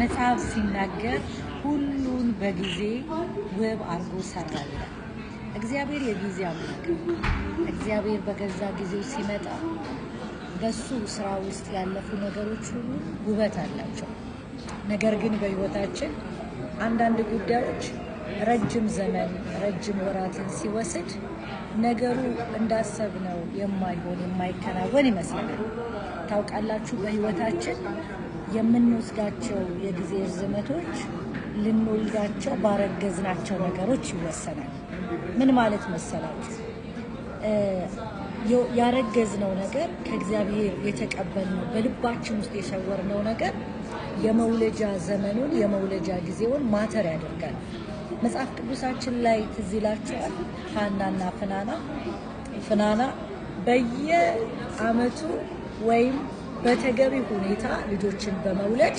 መጽሐፍ ሲናገር ሁሉን በጊዜ ውብ አድርጎ ሰራለ። እግዚአብሔር የጊዜ አምላክ እግዚአብሔር በገዛ ጊዜው ሲመጣ በሱ ስራ ውስጥ ያለፉ ነገሮች ሁሉ ውበት አላቸው። ነገር ግን በህይወታችን አንዳንድ ጉዳዮች ረጅም ዘመን ረጅም ወራትን ሲወስድ ነገሩ እንዳሰብነው የማይሆን የማይከናወን ይመስላል። ታውቃላችሁ በህይወታችን የምንወስዳቸው የጊዜ ርዝመቶች ልንወልዳቸው ባረገዝናቸው ነገሮች ይወሰናል። ምን ማለት መሰላችሁ? ያረገዝነው ነገር ከእግዚአብሔር የተቀበልነው በልባችን ውስጥ የሰወርነው ነገር የመውለጃ ዘመኑን የመውለጃ ጊዜውን ማተር ያደርጋል። መጽሐፍ ቅዱሳችን ላይ ትዝ ይላችኋል። ሀናና ፍናና ፍናና በየአመቱ ወይም በተገቢ ሁኔታ ልጆችን በመውለድ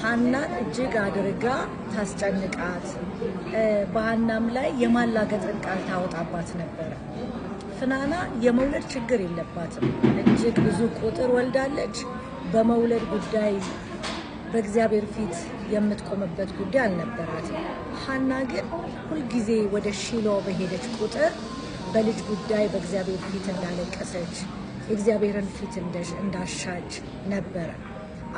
ሀናን እጅግ አድርጋ ታስጨንቃት፣ በሀናም ላይ የማላገጥን ቃል ታወጣባት ነበረ። ፍናና የመውለድ ችግር የለባትም። እጅግ ብዙ ቁጥር ወልዳለች። በመውለድ ጉዳይ በእግዚአብሔር ፊት የምትቆምበት ጉዳይ አልነበራትም። ሀና ግን ሁልጊዜ ወደ ሺሎ በሄደች ቁጥር በልጅ ጉዳይ በእግዚአብሔር ፊት እንዳለቀሰች የእግዚአብሔርን ፊት እንዳሻች ነበረ።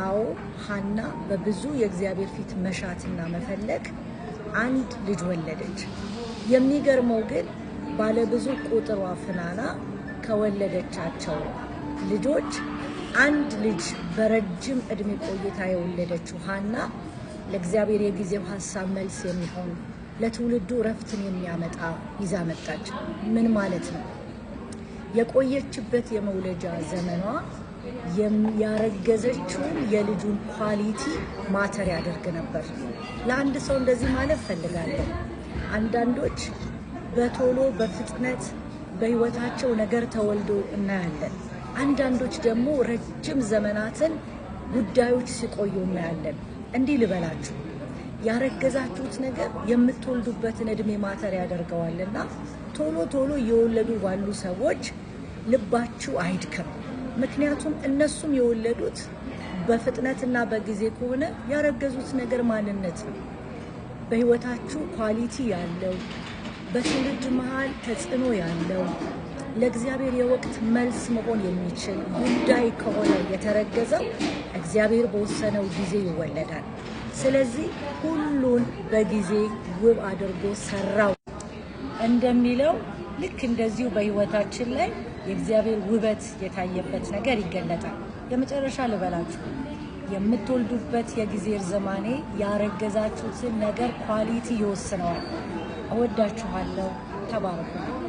አዎ ሀና በብዙ የእግዚአብሔር ፊት መሻትና መፈለግ አንድ ልጅ ወለደች። የሚገርመው ግን ባለብዙ ቁጥሯ ፍናና ከወለደቻቸው ልጆች አንድ ልጅ በረጅም እድሜ ቆይታ የወለደችው ሀና ለእግዚአብሔር የጊዜው ሀሳብ መልስ የሚሆን ለትውልዱ እረፍትን የሚያመጣ ይዛ መጣች። ምን ማለት ነው? የቆየችበት የመውለጃ ዘመኗ ያረገዘችውን የልጁን ኳሊቲ ማተር ያደርግ ነበር። ለአንድ ሰው እንደዚህ ማለት ፈልጋለሁ። አንዳንዶች በቶሎ በፍጥነት በህይወታቸው ነገር ተወልዶ እናያለን። አንዳንዶች ደግሞ ረጅም ዘመናትን ጉዳዮች ሲቆዩ እናያለን። እንዲህ ልበላችሁ፣ ያረገዛችሁት ነገር የምትወልዱበትን እድሜ ማተር ያደርገዋልና ቶሎ ቶሎ እየወለዱ ባሉ ሰዎች ልባችሁ አይድከም። ምክንያቱም እነሱም የወለዱት በፍጥነትና በጊዜ ከሆነ ያረገዙት ነገር ማንነት ነው። በህይወታችሁ ኳሊቲ ያለው በትውልድ መሀል ተጽዕኖ ያለው ለእግዚአብሔር የወቅት መልስ መሆን የሚችል ጉዳይ ከሆነ የተረገዘው እግዚአብሔር በወሰነው ጊዜ ይወለዳል። ስለዚህ ሁሉን በጊዜ ውብ አድርጎ ሰራው እንደሚለው ልክ እንደዚሁ በህይወታችን ላይ የእግዚአብሔር ውበት የታየበት ነገር ይገለጣል። የመጨረሻ ልበላችሁ የምትወልዱበት የጊዜ ርዝማኔ ያረገዛችሁትን ነገር ኳሊቲ ይወስነዋል። እወዳችኋለሁ። ተባረኩ።